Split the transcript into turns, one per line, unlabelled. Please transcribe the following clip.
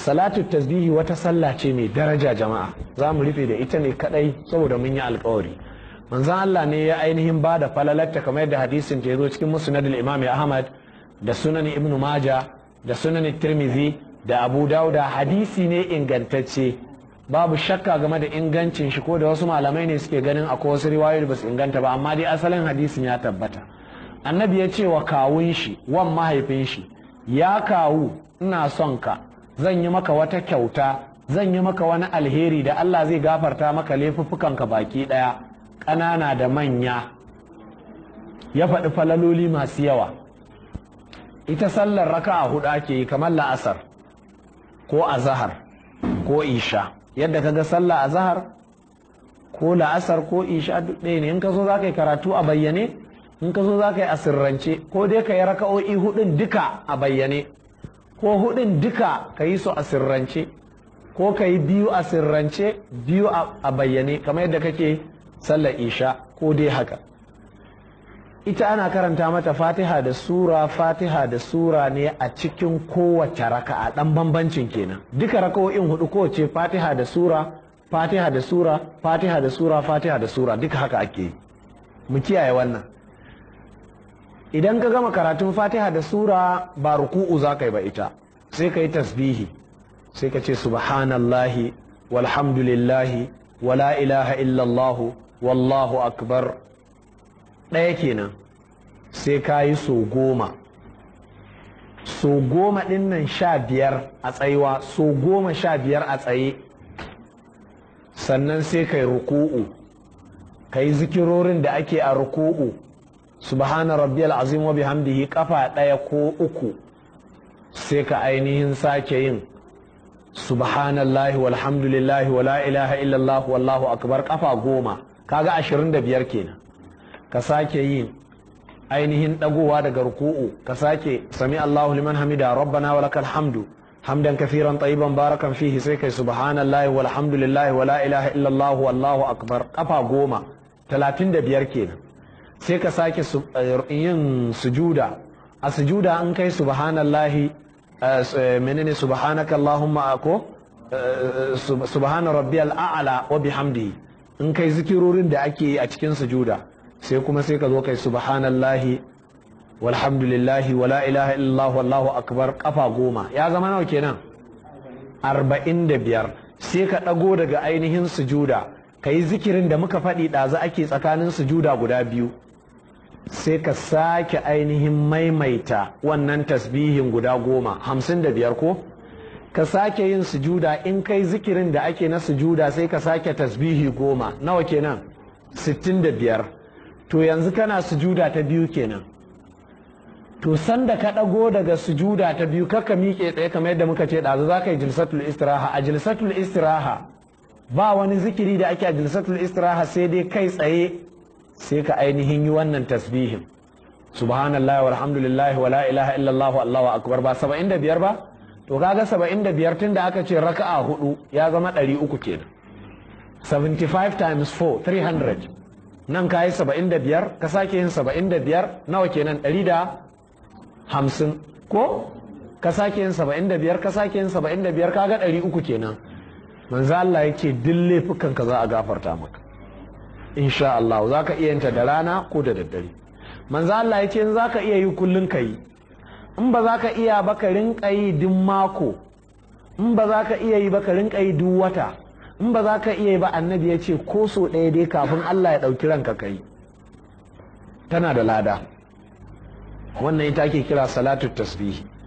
salatu tasbihi wata sallah ce mai daraja jama'a za mu rufe da ita ne kadai saboda mun yi alkawari manzon Allah ne ya ainihin ba da falalarta kamar yadda hadisin ta zo cikin musnadul Imami Ahmad da sunan ibnu Maja da sunan Tirmidhi da Abu Dauda hadisi ne ingantacce babu shakka game da ingancin shi ko da wasu malamai ne suke ganin akwai wasu riwayoyi ba su inganta ba amma dai asalin hadisin ya tabbata annabi ya ce wa kawun shi wan mahaifin shi ya kawu ina son ka zan yi maka wata kyauta zan yi maka wani alheri da Allah zai gafarta maka ka baki ɗaya ƙanana da manya ya faɗi falaloli masu yawa ita sallar raka a ke yi kamar la'asar ko azahar ko isha yadda kaga sallah azahar ko la'asar ko isha duk ɗaya ne in ka zo za ka karatu a bayyane in ka zo za ka a sirrance ko dai ka yi raka'o'i huɗun duka a bayyane ko hudun duka ka yi su a sirrance ko ka yi biyu a sirrance biyu a bayyane kamar yadda kake sallar isha ko dai haka ita ana karanta mata fatiha da sura fatiha da sura ne a cikin kowace raka a dan bambancin kenan duka raka'o'in hudu kowace fatiha da sura fatiha da sura fatiha da sura fatiha da sura duka haka ake yi mu kiyaye wannan idan ka gama karatun fatiha da sura ba ruku'u za ka yi ba ita sai ka yi tasbihi sai ka ce subhanallahi walhamdulillahi wala ilaha illallahu wallahu akbar ɗaya kenan sai ka yi so goma so goma ɗin nan sha biyar a tsayuwa so goma sha biyar a tsaye sannan sai ka yi ruku'u ka yi zikirorin da ake a ruku'u subhana rabbiyal azim wa bihamdihi kafa ɗaya ko uku sai ka ainihin sake yin subhanallahi walhamdulillahi wala ilaha illallah wallahu akbar kafa goma kaga ashirin da biyar kenan ka sake yin ainihin dagowa daga ruku'u ka sake sami Allahu liman hamida rabbana walakal hamdu hamdan kafiran tayyiban barakan fihi sai kai subhanallahi walhamdulillahi wala ilaha illallah wallahu akbar kafa goma talatin da biyar kenan sai ka sake eh, yin sujuda a sujuda an kai subhanallahi eh, eh, menene subhanaka allahumma ako subhana rabbiyal a'la wa bihamdi in kai zikirorin da ake yi a cikin sujuda sai kuma sai ka zo kai subhanallahi walhamdulillahi wala ilaha illallah wallahu akbar kafa goma ya zama nawa kenan arba'in da biyar sai ka ɗago daga ainihin sujuda ka yi zikirin da muka faɗi ɗazu ake tsakanin sujuda guda biyu sai ka sake ainihin maimaita wannan tasbihin guda goma hamsin da biyar ko ka sake yin sujuda in kai zikirin da ake na sujuda sai ka sake tasbihi goma nawa kenan sittin da biyar to yanzu kana sujuda ta biyu kenan to sanda ka ɗago daga sujuda ta biyu kaka miƙe tsaye kamar yadda muka ce ɗazu za ka yi jilsatul istiraha a jilsatul istiraha ba wani zikiri da ake a jilsatul istiraha sai dai kai tsaye sai ka ainihin yi wannan tasbihin subhanallahi walhamdulillahi wala ilaha illallah wa akbar ba saba'in da biyar ba to kaga biyar tun da aka ce raka'a hudu ya zama ɗari uku kenan 75 times 4 300 nan ka yi saba'in da biyar, ka sake yin saba'in da biyar? nawa kenan hamsin? ko ka sake yin saba'in da biyar? ka sake yin saba'in da ga kaga uku kenan manzo Allah yake duk laifukan za a gafarta maka insha Allah za ka iya yanta da rana ko da daddare manzo Allah ya ce in za ka iya yi kullum ka yi in ba za ka iya ba ka rinka yi duk mako in ba za ka iya yi ba ka rinka yi duk wata in ba za ka iya yi ba annabi ya ce ko so ɗaya dai kafin Allah ya ɗauki ranka ka yi tana da lada wannan ita ake kira salatu tasbihi